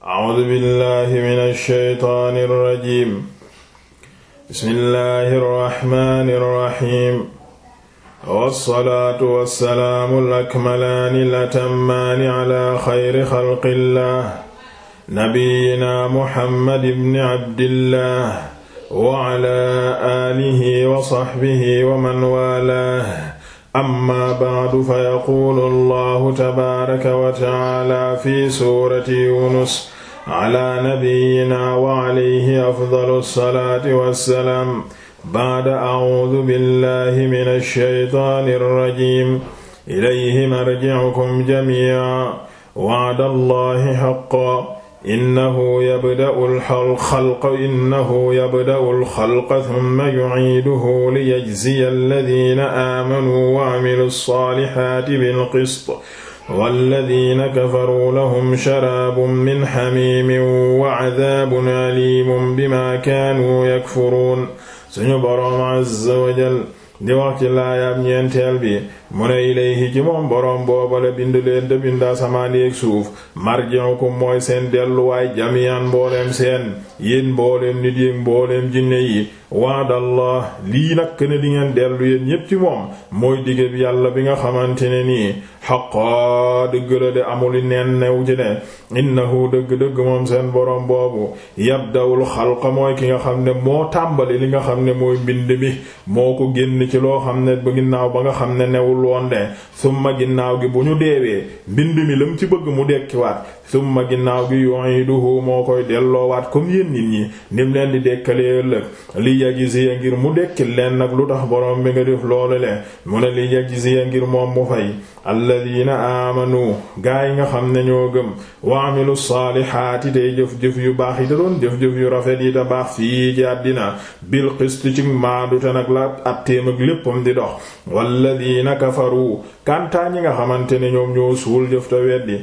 A'uuzu billaahi mina shaytaani rajiim. Bismillaahi rahmaani rahiim. Wassalaatu wassalaamu al-akmalaani al-atammaani alaa xayri xalqillaah. Nabiyyinaa Muhammad ibn Abdillaah wa alaa aalihi wa sahbihi wa man waalaah. amma ba'du fa yaquulu allahu tabaaraka wa ta'aala fi suurati yunus ala nabiyyina wa alayhi afdalu salaati wa salaam ba'da a'uudu billahi mina shaytaani rajiim ilayhi marji'ukum jamii'an wa'da allahi haqqan innahu yabda'u al-xalqa innahu yabda'u al-xalqa thumma yu'iiduhu liyajziya alladhiina aamanuu wa 'amilu s-saalihaati bil-qist walladhiina kafaruu lahum sharaabun min hamiimin wa 'adhaabun aliimun bimaa kaanuu yakfuruun suñu boroom azza wa jalla di wax ci laayaam ñeenteel bi mu ne ilayhi ci moom boroom boobale bind leen te bind asamaan yeeg suuf marji'ukum mooy seen delluwaay jami'an mbooleem seen yéen mbooleem nit yéeg mbooleem jinne yi dalla lii nag ne di ngeen dellu yéen ñépp ci moom mooy dige bi yàlla bi nga xamante ne nii xaqaa dëgg la amul i neen new ci ne innahu dëgg-dëgg moom seen borom boobu yabdawul xalqa mooy ki nga xam ne moo tàmbali li nga xam ne mooy mbind mi moo ko génn ci loo xam ne ba ginnaaw ba nga xam ne newul woon de summa ginnaaw gi bu ñu deewee mbind mi lam ci bëgg mu dekkiwaat summa ginnaaw gi yu'iduhu moo koy delloowaat comme yéen nit ñi nim leen di dekkalee ëllëg li yajziya ngir mu dekkil leen nag lu tax borom bi nga def loolu le mu ne li yajziya ngir moom mu fay alladina aamanu gaa yi nga xam ne ñoo gëm wa amilu saalihaati tey jëf-jëf yu baax yi te doon jëf-jëf yu rafet yi te baax fii ci àddina bil qist ci maadu te nag la atteem ak léppam di dox walladina kafaru kantaa nga xamante ne ñoom ñoo suul jëf te weddi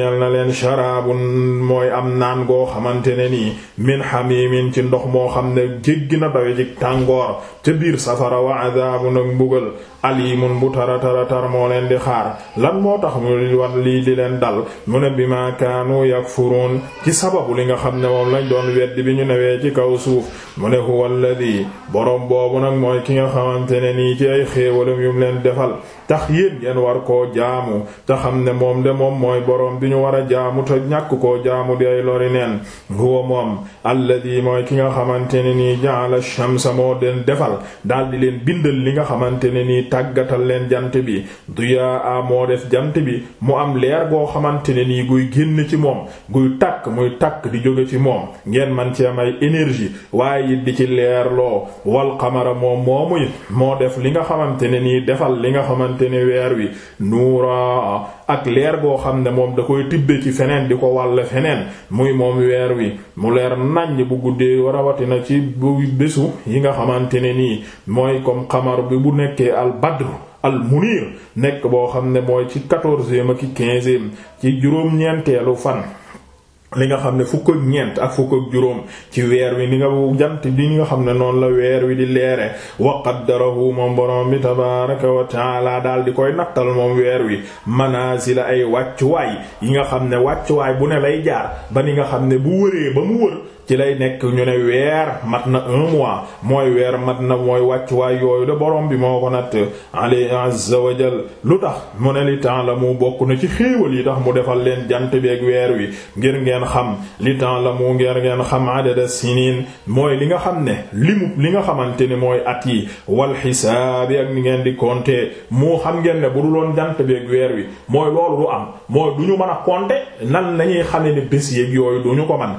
ñeel na leen sharaabun mooy am naan goo xamante ne nii min hamimin ci ndox moo xam ne jéggi na dawe ci tàngoor te biir safara wa adaabu nag mbugal alimun bu tara tara tar moo leen di xaar lan moo tax mu war lii di leen dal mu ne bi ma kaanu yakfuruun ci sababu li nga xam ne moom lañ doon weddi bi ñu newee ci kaw suuf mu ne huwa alladi boroom boobu nag mooy ki nga xamante ne nii ci ay xéewalam yum leen defal tax yéen ngeen war koo jaamu te xam ne moom de moom mooy boroom bi ñu war a jaamu te ñàkk koo jaamu di ay lori neen huwa moom alladi mooy ki nga xamante ne nii ja'ala shamsa xamal daal di leen bindal li nga xamante ne nii tàggatal leen jant bi du a moo def jant bi mu am leer goo xamante ne nii guy génn ci moom guy takk muy takk di jóge ci moom ngeen man ci am ay énergie waaye it ci leerloo wal qamara moom moomuy moo def li nga xamante ne nii defal li nga xamante ne weer wi nuura ak leer boo xam ne moom da koy tibbe ci feneen di ko wàll feneen muy moom weer wi mu leer naññ bu guddee rawatina ci bu bésu yi nga xamante ne nii mooy comme xamar bi bu nekkee al badru al munir nekk boo xam ne mooy ci quatorzième ak quinzième ci juróom-ñeenteelu fan li nga xam ne fukk ak ñeent ak fukk ak juróom ci weer wi ni nga jant bi nga xam ne noonu la weer wi di leere wa qaddarahu moom borom bi tabaraka wa taala daal di koy nattal moom weer wi la ay wàccuwaay yi nga xam ne wàccuwaay bu ne lay jaar ba ni nga xam ne bu wëree ba mu wër ci lay nekk ñu ne weer mat na un mois mooy weer mat na mooy wàccuwaay yooyu de boroom bi moo ko natt alay azza wa lu tax mu ne li mu bokk na ci xéewal yi tax mu defal leen jant beek weer wi ngir ngeen xam li mu ngeer ngeen xam adada sinin mooy li nga xam ne limu li nga xamante ne mooy at yi wal xisaabi ak ni ngeen di compter moo xam ngeen ne bu du loon jant beek weer wi mooy loolu du am mooy du ñu mën a compter nan lañuy xamee yeeg yooyu ko man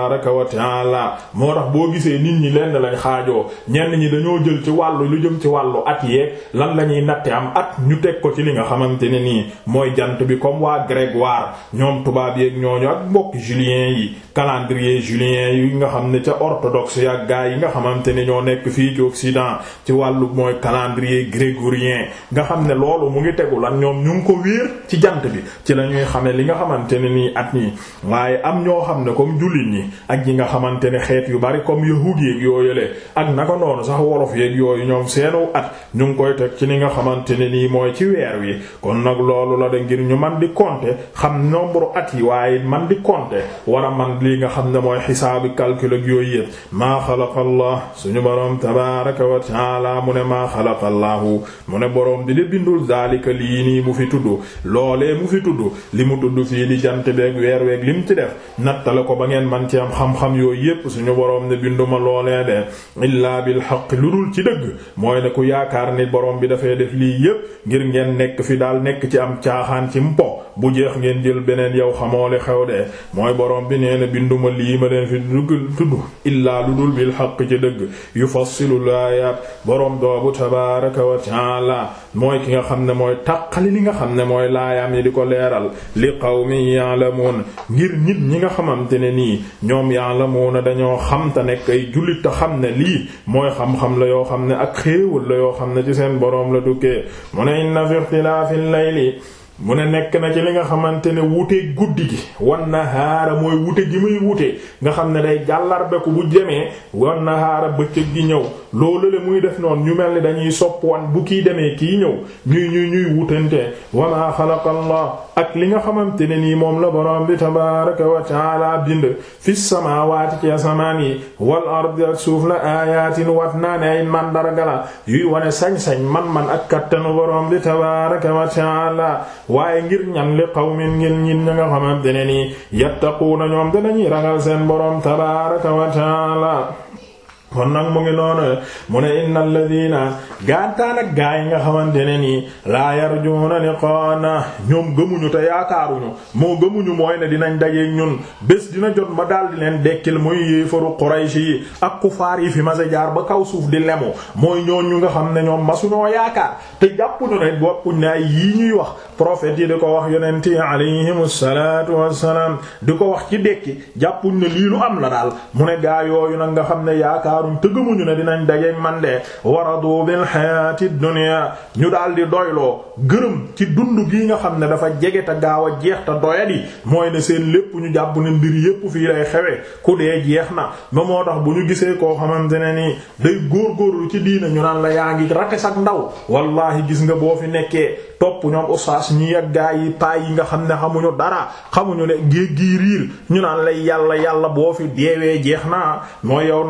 tabaraka wa taala moo tax boo gisee nit ñi lenn lañ xaajoo ñenn ñi dañoo jël ci wàllu lu jëm ci wàllu at yeeg lan la ñuy natte am at ñu teg ko ci li nga xamante ne nii mooy jant bi comme waa grégoire ñoom tubaab yeeg ñooñu ak mbokk julien yi calendrier julien yi nga xam ne ca orthodoxe ak gaa yi nga xamante ne ñoo nekk fii ci occident ci wàllu mooy calendrier grégorien nga xam ne loolu mu ngi tegu lan ñoom ñu ngi ko wéer ci jant bi ci la ñuy xamee li nga xamante ne nii at ñi waaye am ñoo xam ne comme jullit ñi ak ñi nga xamante ne xeet yu bari comme yahuud yeeg yooyule ak naka noonu sax wolof yeeg yooyu ñoom seenu at ñu ngi koy teg ci li nga xamante ne nii mooy ci weer wi kon nag loolu la de ngir ñu man di compter xam nombre at yi waaye man di compter war man li nga xam ne mooy xisaabi calcul yooyu yëpp maa xalaqa allah suñu boroom tabaraka wa taala mu ne maa xalaqa allahu mu ne boroom di li bindul daalika lii nii mu fi tudd loolee mu fi tudd li mu tudd fii di jant beeg weer weeg am xam-xam yooyu yépp suñu boroom ne binduma loolee de illaa bil haqq lu dul ci dëgg mooy ne ku yaakaar ni boroom bi dafay def lii yépp ngir ngeen nekk fi daal nekk ci am caaxaan ci mpo bu jeex ngeen jël beneen yow xamoo li xew de mooy boroom bi nee na binduma lii ma leen fi dugg tudd illaa lu dul bil haqq ci dëgg yufassilu laayaat borom doobu tabaaraka wa ta'aala mooy ki nga xam ne mooy taqali li nga xam ne mooy laayaam yi di ko leeral li qawmin ya'lamuun ñoom ya'lamuuna dañoo xam te nekk ay jullit te xam ne lii mooy xam-xam la yoo xam ne ak xéewal la yoo xam ne ci seen boroom la dukkee mu ne inna fi ixtilaafil layli mu ne nekk na ci li nga xamante ne wuteeg guddi gi wan na haara mooy wute gi muy wute nga xam ne day jàllarbeku bu demee wan na haara bëccëg gi ñëw loolu le muy def noonu ñu mel ni dañuy sopp wan bu kii demee kii ñëw ñuy ñuy ñuy wutante wa maa ak li nga xamante ne nii moom la borom bi tabaraka wa taala bind fi samaawaati ci asamaan yi wal ardi suuf la aayaatin wat naa ne ay mandarga la yuy wane sañ-sañ man-man ak kattanu borom bi tabaraka waaye ngir ñan li qawmin ngir ñin ña nga xamante ne nii yattaquuna ñoom danañuy ragal seen boroom tabaaraka wa taala kon nag mu ngi noonu mu ne innal ladina gantaan ak gaa yi nga xamante ne nii ne yarjuuna liqaana ñoom gëmuñu te yaakaaruñu moo gëmuñu mooy ne dinañ dajeeg ñun bés dina jot ma daal di leen dekkil muy yéefaru Quraysh yi ak kufaar yi fi masa jaar ba kaw suuf di lemu mooy ñoon ñu nga xam ne ñoom masuñoo yaakaar te jàppuñu ne boppuñ ne ay yii ñuy wax prophètes yi di ko wax yonent yi alayhim salaatu wassalaam di ko wax ci dekki jàppuñ ne lii lu am la daal mu ne gaa yooyu nag nga xam ne yaakaaruñ te gëmuñu ne dinañ dajeeg man de waradu bil hayati dunya ñu daal di doyloo gërëm ci dund gi nga xam ne dafa jege te gaaw a jeex te doyadi mooy ne seen lépp ñu jàpp ne mbir yépp fii lay xewe ku dee jeex na ba moo tax bu ñu gisee koo xamante ne nii day góorgóorlu ci diina ñu naan la yaa ngi rates ak ndaw wallahi gis nga boo fi nekkee topp ñoom ustaas ñu ak gaa yi paa yi nga xam ne xamuñu dara xamuñu ne géej gi riir ñu naan lay yàlla yàlla boo fi deewee jeex na mooy yow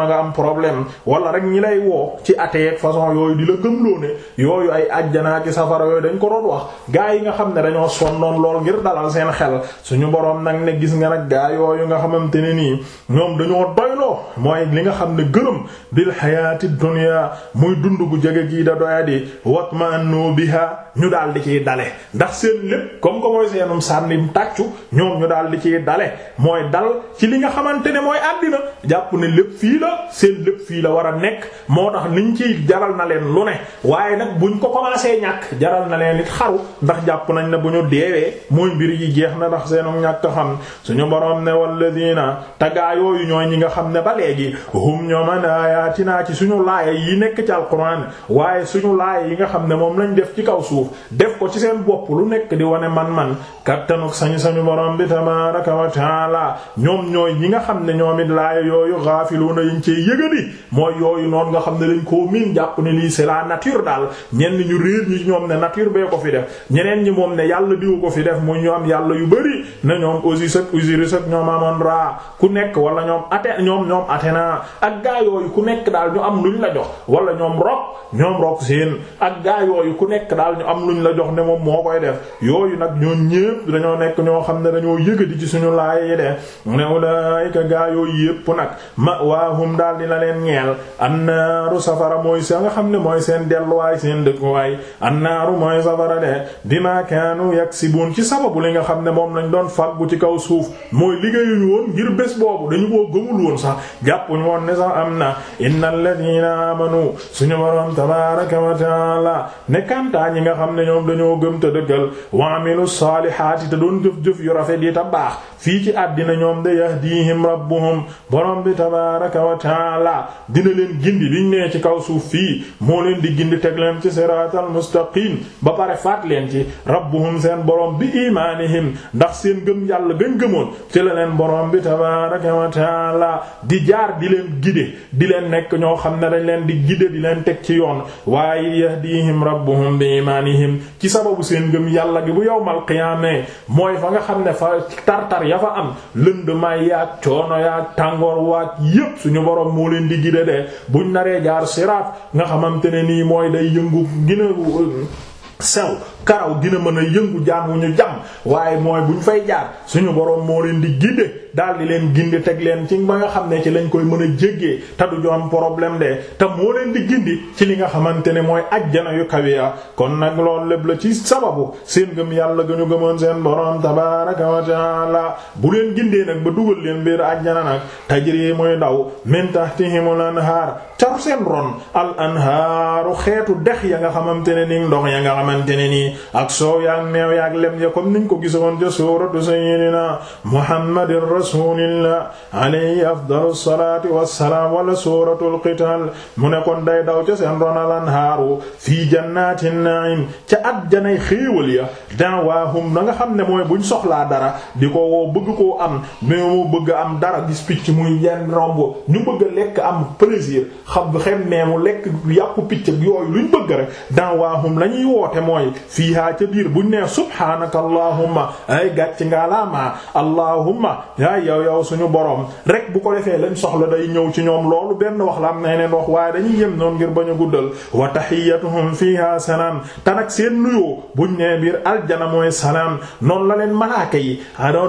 problème wala rek ñi lay woo ci ateeg façon yooyu di la gëmloo ne yooyu ay ajjanaa ki safara yooyu dañ ko doon wax gaa yi nga xam ne dañoo sonnoon lool ngir dalal seen xel suñu boroom nag ne gis nga nag gaa yooyu nga xamante ne nii ñoom dañoo doyloo mooy li nga xam ne gërëm bil xayaati dunya muy dund gu jege gii da doyadi watma'annu biha ñu daal di ciy dale ndax seen lépp comme que seenum sànnim tàccu ñoom ñu daal di ciy dale mooy dal ci li nga xamante ne mooy àddina jàpp ne lépp fii lépp fii la war a nekk moo tax niñ ci jaral na leen lu ne waaye nag buñ ko commencé ñàkk jaral na leen it xaru ndax jàpp nañ ne bu ñu deewee mooy mbir yi jeex na ndax seenu ñàkk xam suñu borom ne walladina tagaa yooyu ñooy ñi nga xam ne ba léegi hum ñooman ayatina ci suñu laaya yi nekk ci alquran waaye suñu laaya yi nga xam ne moom lañ def ci kaw suuf def ko ci seen bopp lu nekk di wane man-man kattanuk sañ-sañu borom bi mooy yooyu noonu nga xam ne dañ koo miin jàpp ne lii c'est la nature daal ñenn ñu réer ñi ñoom ne nature bee ko fi def ñeneen ñi moom ne yàlla diwu ko fi def mu ñu yàlla yu bëri na ñoom Osiris ñoom amoon ku nekk wala ñoom Athènes ak gaa yooyu ku nekk daal ñu am luñ la jox wala ñoom Roc ñoom Roc seen ak gaa yooyu ku nekk daal ñu am luñ la jox ne moom moo koy def yooyu nag ñoo ñépp dañoo nekk ñoo xam ne dañoo yëgadi ci suñu laay yi de mu ne ulaayika gaa yooyu yépp nag ma waahum daal dina leen ñeel annaaru safara mooy sa nga xam ne mooy seen delluwaay seen dëkkuwaay annaaru mooy safara de bima kaanu yaksibun ci sababu li nga xam ne moom lañ doon fàggu ci kaw suuf mooy liggéeyuñu woon ngir bés boobu dañu koo gëmul woon sax jàppuñu woon ne sax am na innal ladina amanu suñu boroom tabaraka wa taala ne kantaa ñi nga xam ne ñoom dañoo gëm te dëggal wa amilu saalihaati te doon jëf-jëf yu rafet yi ta baax fii ci àddina ñoom de yahdihim rabbuhum boroom bi tabaraka wa hudaa dina leen gindi biñ nee ci kaw suuf fii moo leen di gindi teg leen ci siraatal mustaqim ba pare faat leen ci rabbuhum seen borom bi imaanihim ndax seen gëm yàlla gën gëmoon ci la leen borom bi tabaaraka wa taala di jaar di leen gide di leen nekk ñoo xam ne dañ leen di gide di leen teg ci yoon waaye yahdihim rabbuhum bi imaanihim ci sababu seen gëm yàlla gi bu yawmal qiyaamee mooy fa nga xam ne fa tartar ya fa am lëndëmaay yaak coono leen di de buñ naree jaar siraat nga xamante ne nii mooy day yëngu gina sew karaw dina mën a yëngu jaan wu ñu jam waaye mooy buñ fay jaar suñu boroom moo leen di gide daal di leen gindi teg leen ci ba nga xam ne ci lañ koy mën a jéggee te du ñu am problème de te moo leen di gindi ci li nga xamante ne mooy ajjana yu kawe ya kon nag loolu lépp la ci sababu seen gëm yàlla gënu gëmoon seen borom tabaaraka wa taala bu leen gindee nag ba dugal leen biir ajjana nag tajri mooy daw min tahtihimul anhaar ca seen ron al anhaaru xeetu dex ya nga xamante ne ni ndox ya nga xamante ne nii ak soow yaa meew yaak lem ya kon nuñ ko gisoon ca suuratu sayyidina Muhammadir rasulillah alayhi afdalu salaati wassalaam wala suuratul qital mu ne day daw ca seen ronalan haaru fii jannatin na'im ca àjjanay xéewal ya da'waahum da nga xam ne mooy buñ soxlaa dara di ko bëgg koo am mais bëgg am dara gis picc muy yenn romb ñu bëgg a lekk am plaisir xam xem nee mu lekk yàppu picc yooyu luñ bëgg rek da'waahum la ñuy woote mooy fiihaa ca biir buñ neex subhaanaka allahumma ay gàcc nga lama allahumma ay yow yow suñu boroom rek bu ko defee lañ soxla day ñëw ci ñoom loolu benn wax la am na yeneen wax waaye dañuy yem noonu ngir bañ a guddal wa tahiyyatuhum fiha salaam te nag seen nuyoo buñ nee biir aljana salaam noonu la leen malaaka yi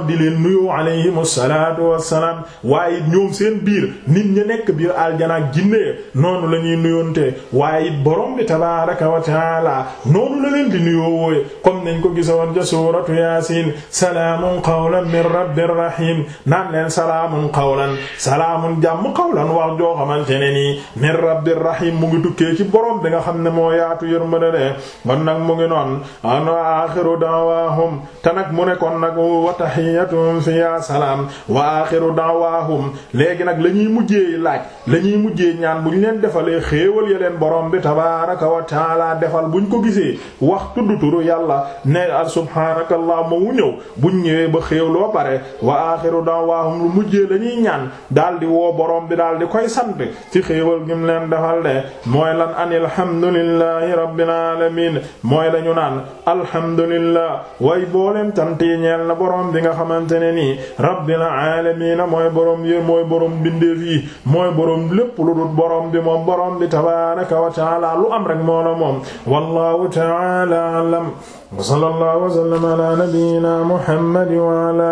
di leen nuyoo alayhimu salaatu wassalaam waaye ñoom seen biir nit ñi nekk biir aljana ak jinne noonu la ñuy nuyoonte waaye it borom bi tabaaraka wa noonu la leen di nuyoo wooye comme nañ ko gisoon ja suuratu yaasiin salaamun qawlan min rabbir rahiim naan leen salaamun qawlan salaamun jàmm qawlan wax joo xamante ne nii min rabbir rahim mu ngi tukkee ci borom bi nga xam ne moo yaatu yërmande de kon nag mu ngi noon an axiru da'waahum te nag mu ne kon nag wa tahiyyatuhum fiya salaam wa axiru da'waahum léegi nag lañuy ñuy mujjee laaj lañuy mujjee ñaan bu ñu leen defalee xéewal ya leen borom bi tabaaraka wa taala defal buñ ko gisee wax tudd turu yàlla ne subhaanakallahumma mu ñëw buñ ñëwee ba xéewloo pare aaxiru da'waahum lu mujjee la daal di woo borom bi daal di koy sant ci xéewal gi mu leen defal de mooy lan an alhamdulillahi rabbil alamin mooy dañu naan alhamdulillah way booleem cant yi ñeel na borom bi nga xamante ne nii rabbil alamin mooy borom yi mooy borom bindeef yi mooy lépp lu dul borom bi moom borom bi tabaaraka wa ta'aala lu am rek moo la moom wallahu ta'aala a'lam wa sallallahu wa sallama ala nabiyyina muhammad wa ala